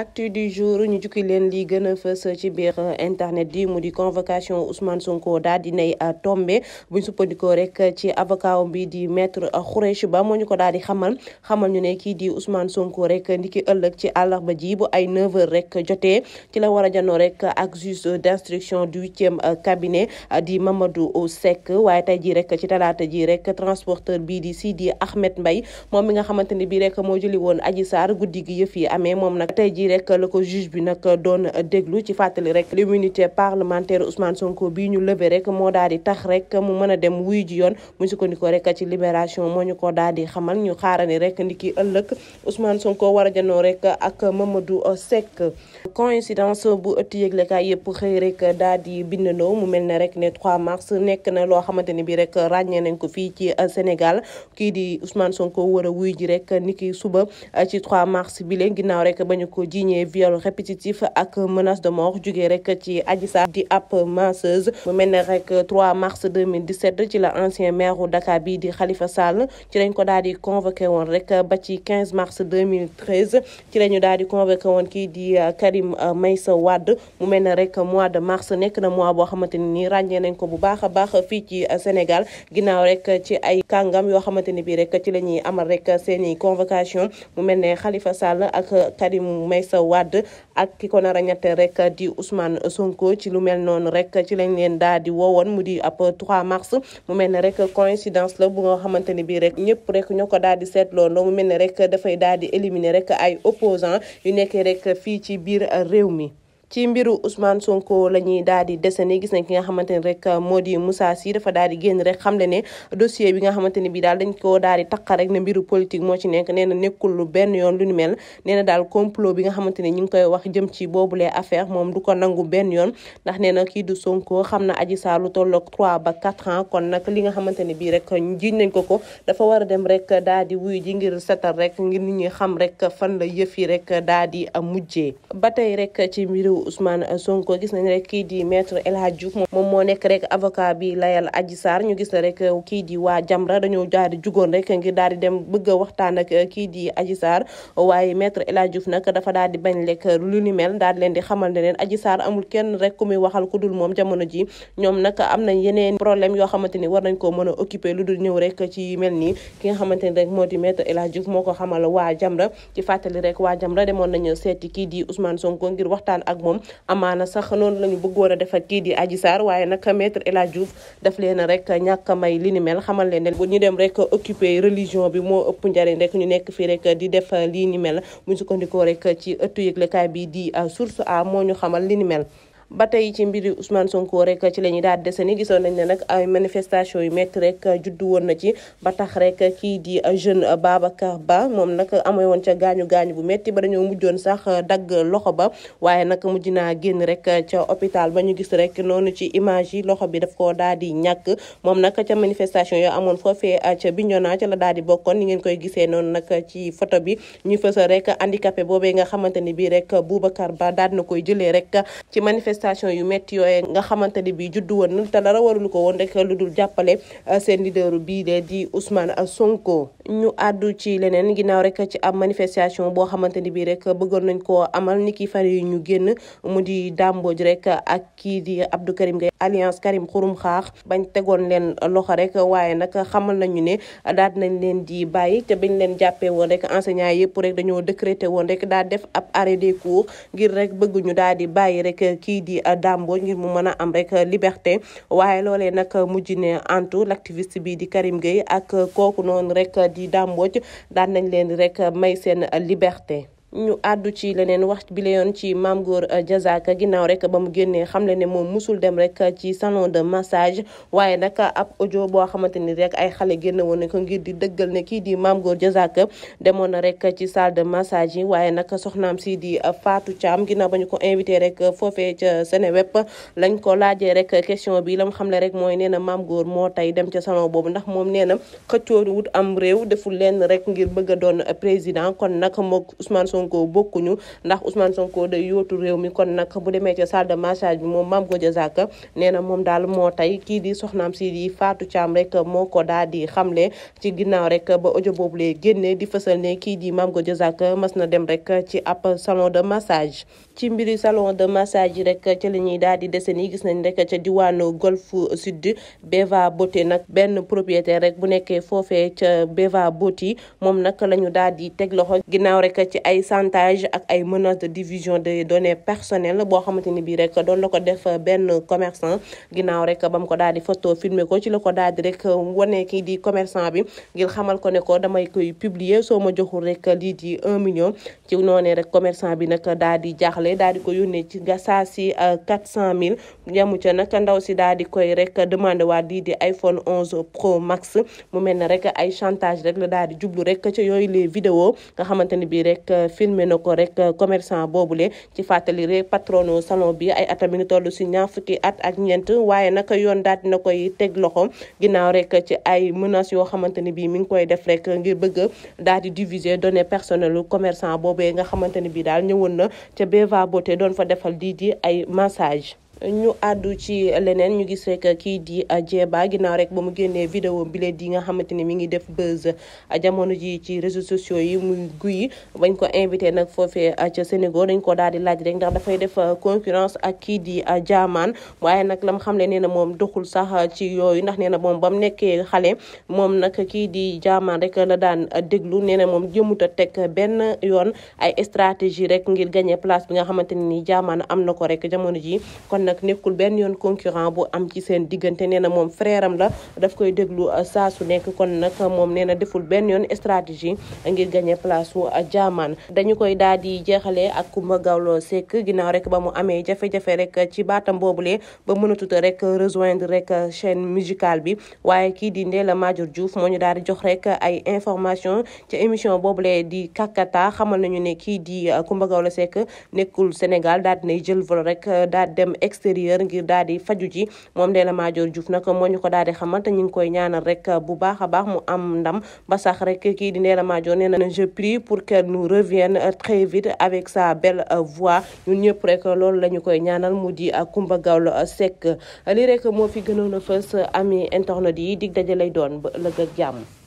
actu du jour ñu jukki leen li gën a fës ci biir internet di mu di convocation Ousmane Sonko daal di nay euh, tombé bu ñu sukkandikoo rek ci avocat bi di maître euh, Khoureyssi Ba moo ñu ko daal di xamal xamal ñu ne kii di Ousmane Sonko rek niki ëllëg ci àllarba ji bu ay 9h rek jotee ci la war a janoo rek ak juge d'instruction du huitième euh, cabinet di Mamadou Seck waaye tey jii rek ci talaata ji rek transporteur bii di Sidi Ahmed Mbaye moom mi nga xamante ni bii rek moo jëli woon rek la ko juge bi nag doon déglu ci fàttali rek l'immunité parlementaire Ousmane Sonko bii ñu lëbe rek moo daal di tax rek mu mën a dem wuy ji yoon mu sukkandiku rek ci libération moo ñu ko daal di xamal ñu xaarani rek niki ëllëg Ousmane Sonko war a janoo rek ak Mamadou Seck coïncidence bu ëtt yëglekaay yëpp xëy rek daal di bindandoo mu mel ne rek ne 3 mars nekk na loo xamante ni bi rek ràññee nañ ko fii ci Sénégal Sonko war a wuy ji rek niki suba ci mars bi leen ginnaaw rek bañu ko ji jiiñee viol répétitif ak menace de mort jugee rek ci Adji Sarr di ab masseuse mu mel ne rek 3 mars 2017 ci la ancien maire daal di convoqué woon ba ci 15 mars 2013 ci la kii di Karim Meïssa Wade mu mel ne rek mois de mars nekk na mois boo xamante nii ràññee nañ ko bu baax a baax fii ci Sénégal ginnaaw rek ci ay kàngam yoo xamante ni bii rek ci la ñuy amal rek seen i convocation mu mel ne Khalifa Sall ak Karim Meïssa Idrissa Wade ak ki ko nar a ñette rek di Ousmane sunko ci lu mel noonu rek ci lañ leen daal di woowoon mu di ab 3 mars mu mel ne rek coïncidence la bu nga xamante ne bii rek ñëpp rek ñoo ko daal di seetloo loo mu mel ne rek dafay daal di éliminer rek ay opposants yu nekkee rek fii ci biir réew mi ci mbiru Ousmane Sonko la ñuy daal di desene gis nañ ki nga xamante ne rek moo di Moussa Sy dafa daal di génn rek xam le ne dossier bi nga xamante ne bi daal dañ koo daal di taq rek ne mbiru moo ci nekk nee na nekkul benn yoon lu ni mel nee na daal complot bi nga xamante ne ñu ngi koy wax jëm ci boobulee affaire moom du ko nangu benn yoon ndax nee na kii du Sonko xam na aji Sarr lu tolloog 3 ba 4 ans kon nag li nga xamante ne bii rek jiñ nañ ko ko dafa war a dem rek daal di wuy ji ngir setal rek ngir nit ñi xam rek fan la yëf rek daal di mujjee ba tey rek ci mbiru Ousmane Sonko gis nañ rek kii di maître El Hadj Diouf moom moo nekk rek avocat bi layal Adji ñu gis na rek kii di waa Jamra dañoo jugoon rek ngir daal dem bëgg a waxtaan ak kii di Adji Sarr waaye maître El Hadj Diouf nag dafa daal di bañ lekk lu ni mel daal di leen di xamal ne leen Adji Sarr amul kenn rek ku muy waxal ku dul moom jamono ji ñoom nag am nañ yeneen problème yoo xamante ni war nañ koo mën occuper lu du ñëw rek ci mel nii ki nga xamante ni rek di maître El Hadj Diouf moo ko xamal waa Jamra ci fàttali rek waa Jamra demoon loxoom amaana sax noonu la ñu bëggoon a def kii di Adji saar waaye nag maître El Hadj Diouf daf leen rek ñàkk a may li ni mel xamal leen ne ñu dem rek occupé religion bi moo ëpp njariñ rek ñu nekk fii rek di def lii ni mu sukkandikoo rek ci ëttu yëglekaay bi di source a moo ñu xamal li ni mel ba tey ci mbiri Ousmane Sonko rek ci la ñuy daal dese ni gisoon nañ ne nag a manifestation yu metti rek juddu woon na ci ba tax rek kii di jeune Babacar Ba moom nag amee woon ca gaañu gaañu bu métti ba dañoo mujjoon sax dagg loxo ba waaye nag mujj naa génn rek ca hôpital ba ñu gis rek noonu ci image loxo bi daf koo daal di ñàkk moom nag ca manifestation yoo amoon foofee ca Bignona ca la daal di bokkoon ni ngeen koy gisee noonu nag ci photo bi ñu fësal rek handicapé boobee nga xamante ni bii rek Boubacar Ba daal na koy jëlee rek ci manifestation manifestation yu métti yooyee nga xamante ne bii juddu woon na te dara warul ko woon rek lu dul jàppale euh, seen leader bii de di Ousmane Sonko. ñu àddu ci leneen ginnaaw rek ci am manifestation boo xamante ni bii rek bëggoon nañ koo amal ni ki fan yi ñu génn mu di dàmbooj rek ak kii di Abdou Karim Gueye alliance Karim Xurum Xaax bañ tegoon leen loxo rek waaye nag xamal nañu ne daal nañ leen di bàyyi te bañ leen jàppee woon rek enseignant yëpp dañoo décrété woon rek daa def ab arrêt des cours ngir rek bëgg ñu di bàyyi rek kii di euh, Dame Mbodj ngir mu mën a am rek euh, liberté waaye loolee nag euh, mujj ne antu l'activiste bi di Karim Gueye ak kooku noonu rek di Dame daan nañ leen rek may seen liberté ñu àddu ci leneen wax bi la yoon ci Mame Goor Diazaka ginnaaw rek ba mu génnee xam le ne moom musul dem rek ci salon de massage waaye nag ab audio boo xamante ni rek ay xale génn woon ko ngir di dëggal ne kii di Mame Goor demoon na rek ci salle de yi waaye nag soxnaam si di Fatou Thiam ginnaaw ba ñu ko invité rek foofee ca Seneweb lañ ko laajee rek question bi lam xam le rek mooy nee na Mame Goor moo tay dem ca salon boobu ndax moom nee na xëccoo am réew deful lenn rek ngir bëgg a président kon nag moog Ousmane Sonko bokkuñu ndax Ousmane Sonko day yootu réew mi kon nag bu demee ca salle de massage bi moom Mame Godiya Zaka nee na moom daal moo tey kii di soxnaam si faatu Fatou Thiam rek moo ko daal di le ci ginnaaw rek ba audio boobu génne di fësal ne kii di Mame Godiya Zaka mas na dem rek ci ab salon de massage ci mbiri salon de massage yi rek ca la ñuy daal di dese nii gis nañ rek ca diwaanu Golf Sud Beva Beauté nag benn propriétaire rek bu nekkee foofee ca Beva Beauté moom nag la daal di teg loxo ginnaaw rek ci ay chantage ak ay menaces de division des données personnelles boo xamante ni bii rek doon la ko def benn commerçant ginnaaw rek ba mu ko daal di photo filmer ko ci la ko daal di rek wane kii di commerçant bi ngir xamal ko ne ko damay koy publier soo ma joxul rek lii di un million ci noonee rek commerçant bi nag daal di jaaxle daal di ko yónnee ci nga saa si euh, quatre cent mille yamu ca nag ndaw si daal di koy rek demandé waat lii di iPhone 11 Pro Max mu mel ne rek ay chantage rek la daal di jublu rek yooyu les filmé na ko rek euh, commerçant boobule ci fàttali rek patronu salon bi ay atam mi ngi toll si ñaar fukki at ak ñeent waaye naka yoon daal dina koy teg loxo ginnaaw rek ci ay menaces yoo xamante ni bii mi ngi koy def rek ngir bëgg daal di diviser données personnelles lu commerçant boobee nga xamante ni bii daal ñëwoon na ca Beva Beauté doon fa defal di di ay massage ñu àddu ci leneen ñu gis rek kii di Jeeba ginnaaw rek ba mu génnee vidéo bile di nga xamante ni mi ngi def buzz jamono ji ci réseaux sociaux yi muy guy bañ ko invité nag foofee a Sénégal dañ ko daal di laaj rek ndax dafay def concurrence ak kii di jaamaan waaye nag lam xamle nee na moom doxul sax ci yooyu ndax nee na moom ba mu nekkee xale moom nag kii di jaamaan rek la daan déglu nee na moom jëmut a teg benn yoon ay stratégie rek ngir gagner place bi nga xamante ni jaamaan am na ko rek jamono ji kon nag nekkul benn yoon concurrent bu am ci seen diggante nee na moom frère am la daf koy déglu euh, saa su nekk kon nag moom nee na deful benn yoon stratégie ngir gagné place wu jaamaan euh, dañu koy daal di jeexalee ak Coumba Gawlo Seck ginnaaw rek ba mu amee jafe rek ci baatam boobule ba mënatut rek rejoindre rek chaîne musicale bi waaye kii di Ndella Madior Diouf moo ñu daal di jox rek ay information ci émission boobule di kakata xamal nañu ne kii di euh, Coumba Gawlo nekkul Sénégal daal dinay jël vol rek daal dem extérieur ngir daal di faju ji moom Ndella Madior na ko moo ñu ko daal di xamal te ñu ngi koy ñaanal rek bu baax a baax mu am ndam ba sax rek kii di Ndella Madior nee na je prie pour qu'elle nous revienne très vite avec sa belle voix ñun ñëpp rek loolu la ñu koy ñaanal mu di Coumba Gawlo Seck lii rek moo fi gënoon a fës ami internet yi dig daje lay doon ba ëllëg ak jàmm